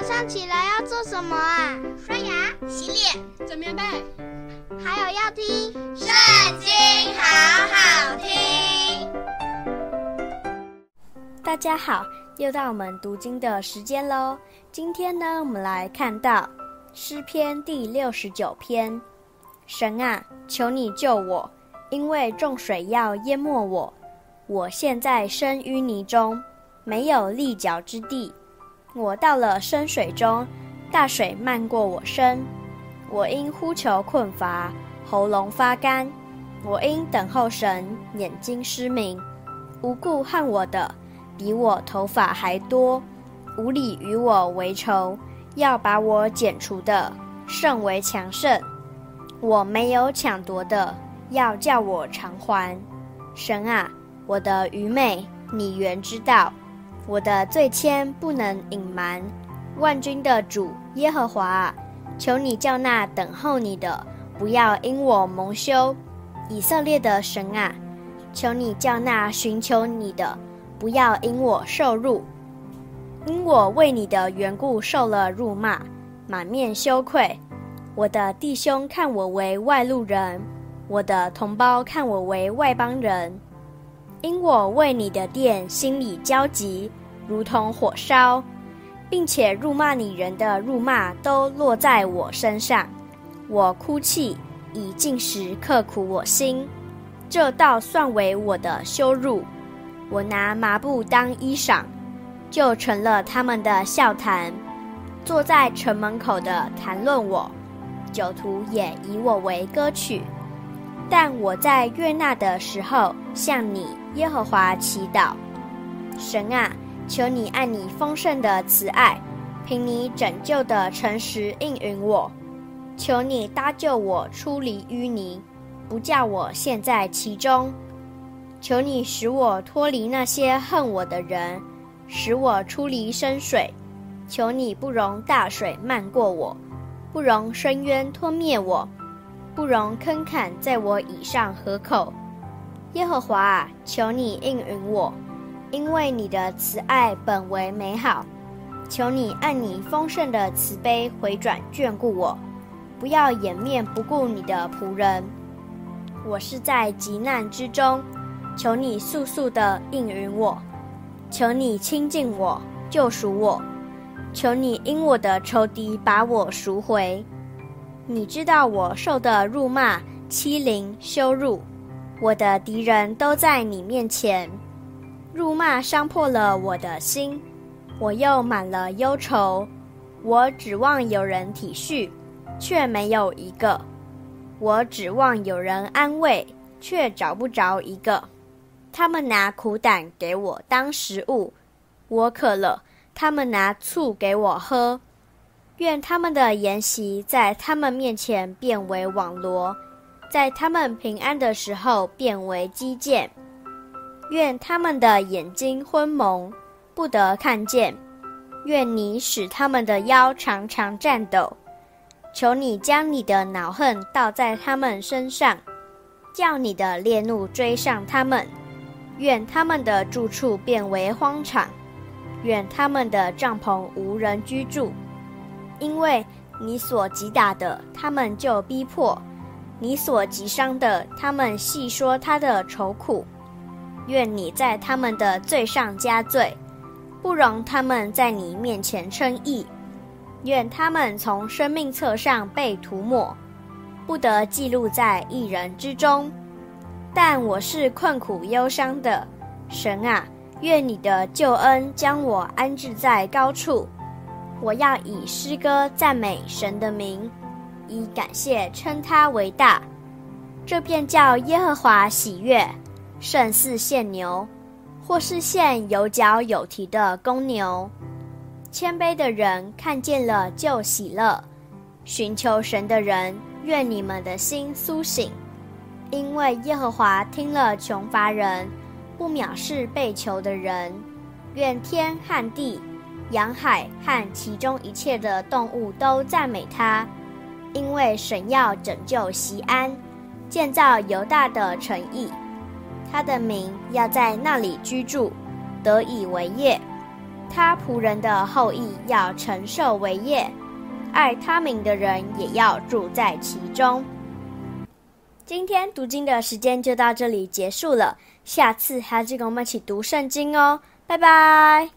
早上起來要做什麼啊？刷牙、洗臉、整棉被，還有要聽《聖經》，好好聽。大家好，又到我們讀經的時間嘍。今天呢，我們來看到詩篇第六十九篇。神啊，求你救我，因為眾水要淹沒我，我陷在深淤泥中，沒有立腳之地。我到了深水中，大水漫過我身。我因呼求困乏，喉嚨發乾。我因等候神，眼睛失明。無故恨我的，比我頭髮還多；無理與我為仇，要把我剪除的甚為強盛。我沒有搶奪的，要叫我償還。神啊，我的愚昧，你原知道。我的罪愆不能隱瞞，萬軍的主耶和華啊，求你叫那等候你的，不要因我蒙羞；以色列的神啊，求你叫那尋求你的，不要因我受辱。因我為你的緣故受了辱罵，滿面羞愧。我的弟兄看我為外路人，我的同胞看我為外邦人。因我為你的殿心裡焦急。如同火燒，並且辱罵你人的辱罵都落在我身上，我哭泣，以禁食刻苦我心，這倒算為我的羞辱。我拿麻布當衣裳，就成了他們的笑談。坐在城門口的談論我，酒徒也以我為歌曲。但我在悅納的時候向你耶和華祈禱，神啊。求你按你豐盛的慈愛，憑你拯救的誠實應允我。求你搭救我出離淤泥，不叫我陷在其中。求你使我脫離那些恨我的人，使我出離深水。求你不容大水漫過我，不容深淵吞滅我，不容坑坎在我以上合口。耶和華啊，求你應允我。因為你的慈愛本為美好，求你按你豐盛的慈悲回轉眷顧我，不要掩面不顧你的僕人。我是在急難之中，求你速速的應允我，求你親近我，救贖我，求你因我的仇敵把我贖回。你知道我受的辱罵、欺凌、羞辱，我的敵人都在你面前。辱罵傷破了我的心，我又滿了憂愁。我指望有人體恤，卻沒有一個；我指望有人安慰，卻找不着一個。他們拿苦膽給我當食物，我渴了，他們拿醋給我喝。願他們的筵席在他們面前變為網羅，在他們平安的時候變為機檻。願他們的眼睛昏矇，不得看見；願你使他們的腰常常顫抖；求你將你的惱恨倒在他們身上，叫你的烈怒追上他們。願他們的住處變為荒場，願他們的帳篷無人居住。因為你所擊打的，他們就逼迫；你所擊傷的，他們戲說他的愁苦。願你在他們的罪上加罪，不容他們在你面前稱義。願他們從生命冊上被塗抹，不得記錄在義人之中。但我是困苦憂傷的，神啊，願你的救恩將我安置在高處。我要以詩歌讚美神的名，以感謝稱他為大。這便叫耶和華喜悅。勝似獻牛，或是獻有角有蹄的公牛。謙卑的人看見了就喜樂，尋求神的人，願你們的心甦醒，因為耶和華聽了窮乏人，不藐視被囚的人。願天和地、洋海和其中一切的動物都讚美他，因為神要拯救錫安，建造猶大的城邑。他的民要在那裡居住，得以為業；他僕人的後裔要承受為業，愛他名的人也要住在其中。今天讀經的時間就到這裡結束了，下次還要跟我們一起讀聖經哦，拜拜。